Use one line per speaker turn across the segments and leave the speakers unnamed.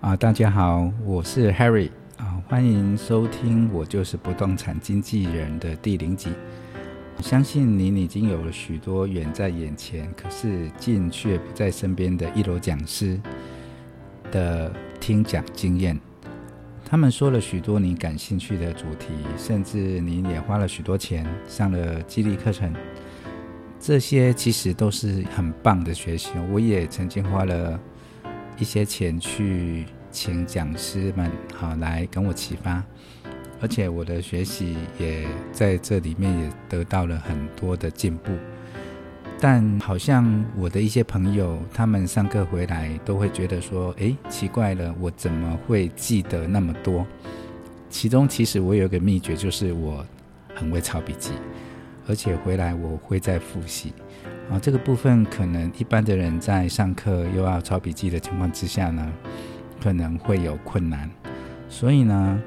啊，大家好，我是 Harry 啊，歡迎收聽我就是不動產經紀人的第零集。相信你已經有了許多遠在眼前，可是近卻不在身邊的一流講師的聽講經驗。他們說了許多你感興趣的主題，甚至你也花了許多錢上了激勵課程。這些其實都是很棒的學習。我也曾經花了。一些錢去請講師們好來跟我啟發，而且我的學習也在這裡面也得到了很多的進步。但好像我的一些朋友，他們上課回來都會覺得說：“誒，奇怪了，我怎麼會記得那麼多？”其中其實我有一個秘訣，就是我很會抄筆記，而且回來我會再複習。啊，這個部分可能一般的人在上課又要抄筆記的情況之下呢，可能會有困難。所以呢，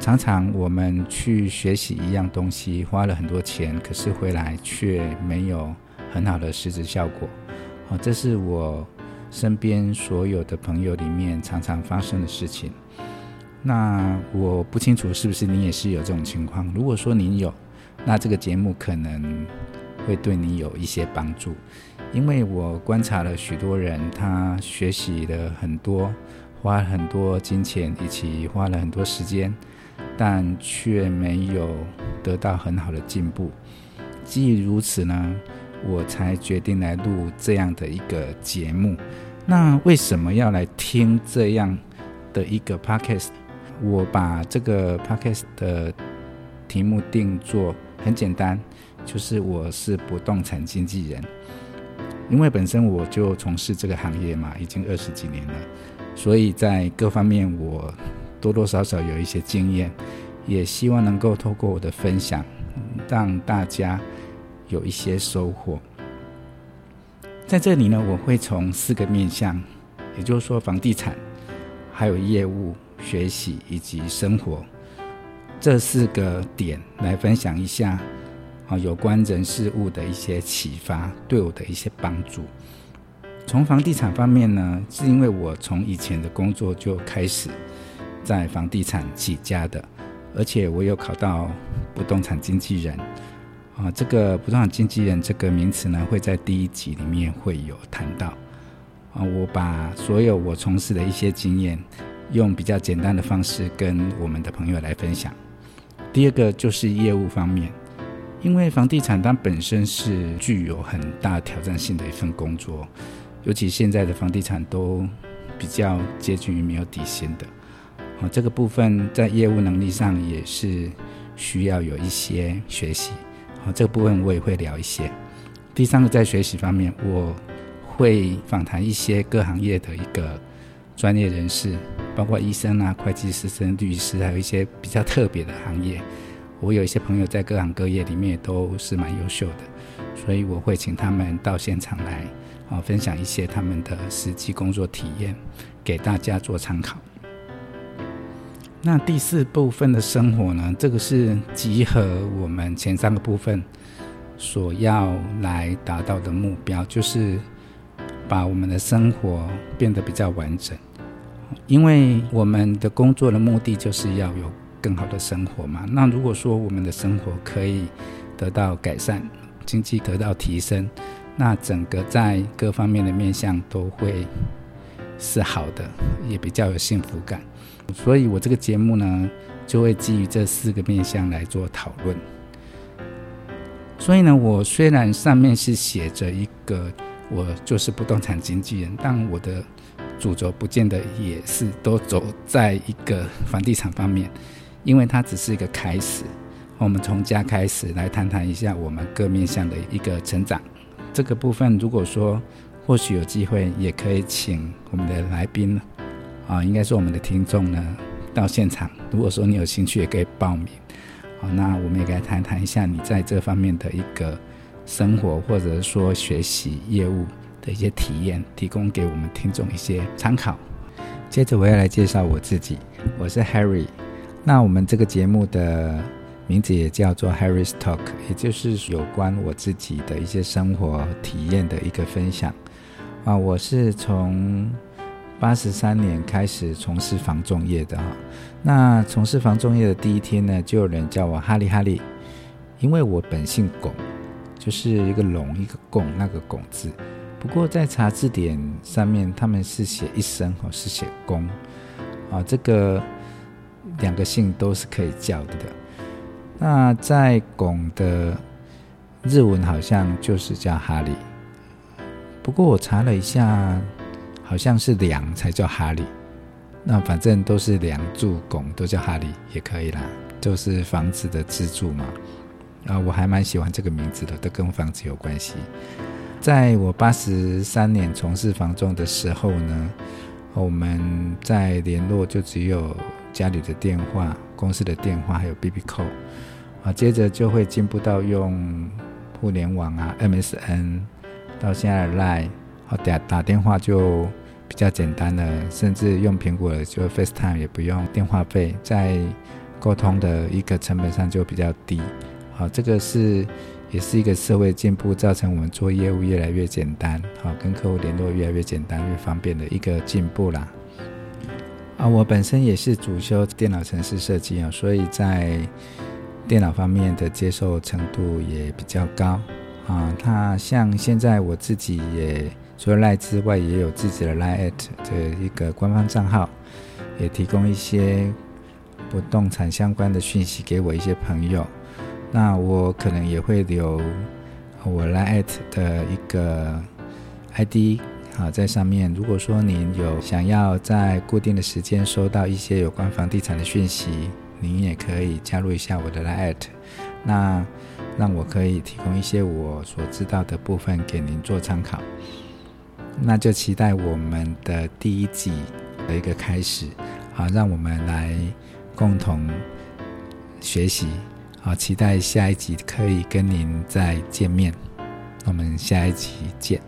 常常我們去學習一樣東西，花了很多錢，可是回來卻沒有很好的實質效果。好，這是我身邊所有的朋友裡面常常發生的事情。那我不清楚是不是你也是有這種情況？如果說您有，那這個節目可能，會對你有一些幫助，因為我觀察了許多人，他學習了很多，花很多金錢，以及花了很多時間，但卻沒有得到很好的進步。既如此呢，我才決定來錄這樣的一個節目。那為什麼要來聽這樣的一個 podcast？我把這個 podcast 的題目定做很簡單。就是我是不動產經紀人，因為本身我就從事這個行業嘛，已經二十幾年了，所以在各方面我多多少少有一些經驗，也希望能夠透過我的分享，讓大家有一些收穫。在這裡呢，我會從四個面向，也就是說房地產、還有業務、學習以及生活這四個點來分享一下。有關人事物的一些啟發，對我的一些幫助。從房地產方面呢，是因為我從以前的工作就開始在房地產起家的，而且我有考到不動產經紀人。啊，這個不動產經紀人這個名詞呢，會在第一集裡面會有談到。啊，我把所有我從事的一些經驗，用比較簡單的方式跟我們的朋友來分享。第二個就是業務方面。因為房地產它本身是具有很大挑戰性的一份工作，尤其現在的房地產都比較接近於沒有底薪的，哦，這個部分在業務能力上也是需要有一些學習，哦，這個部分我也會聊一些。第三個在學習方面，我會訪談一些各行業的一個專業人士，包括醫生啊、會計師、甚至律師，還有一些比較特別的行業。我有一些朋友在各行各業裡面都是蠻優秀的，所以我會請他們到現場來，啊，分享一些他們的實際工作體驗，給大家做參考。那第四部分的生活呢，這個是集合我們前三個部分所要來達到的目標，就是把我們的生活變得比較完整。因為我們的工作的目的就是要有，更好的生活嘛。那如果說我們的生活可以得到改善，經濟得到提升，那整個在各方面的面向都會是好的，也比較有幸福感。所以我這個節目呢，就會基於這四個面向來做討論。所以呢，我雖然上面是寫着一個我就是不動產經紀人，但我的主軸不見得也是都走在一個房地產方面。因為它只是一個開始，我們從家開始來談談一下我們各面向的一個成長。這個部分，如果說或許有機會，也可以請我們的來賓啊、哦，應該說我們的聽眾呢，到現場。如果說你有興趣，也可以報名。好、哦，那我們也來談談一下你在這方面的一個生活，或者說學習業務的一些體驗，提供給我們聽眾一些參考。接着，我要來介紹我自己，我是 Harry。那我們這個節目的名字也叫做 Harry Talk，也就是有關我自己的一些生活體驗的一個分享啊。我是從八十三年開始從事房仲業的哈。那從事房仲業的第一天呢，就有人叫我哈利哈利，因為我本姓龔，就是一個龍一個龔那個龔字。不過在查字典上面，他們是寫一聲，哦，是寫工啊這個。兩個姓都是可以叫的，的。那在拱的日文好像就是叫哈利，不過我查了一下，好像是梁才叫哈利。那反正都是梁柱拱都叫哈利也可以啦，就是房子的支柱嘛。啊、呃，我還蠻喜歡這個名字的，都跟房子有關係。在我八十三年從事房仲的時候呢，我們在聯絡就只有。家裡的電話、公司的電話，還有 BB Call 啊，接着就會進步到用互聯網啊、MSN，到現在的 Line，好、啊、打打電話就比較簡單了，甚至用蘋果就 FaceTime 也不用電話費，在溝通的一個成本上就比較低。好、啊，這個是也是一個社會進步，造成我們做業務越來越簡單，好、啊、跟客戶聯絡越來越簡單、越方便的一個進步啦。啊，我本身也是主修電腦程式設計啊，所以在電腦方面的接受程度也比較高啊。那像現在我自己也除了 LINE 之外，也有自己的 LINE@ 的一個官方賬號，也提供一些不動產相關的訊息給我一些朋友。那我可能也會留我 LINE@ 的一個 ID。好，在上面。如果說您有想要在固定的時間收到一些有關房地產的訊息，您也可以加入一下我的 LINE@，那讓我可以提供一些我所知道的部分給您做參考。那就期待我們的第一集的一個開始，好，讓我們來共同學習，好，期待下一集可以跟您再見面。我們下一集見。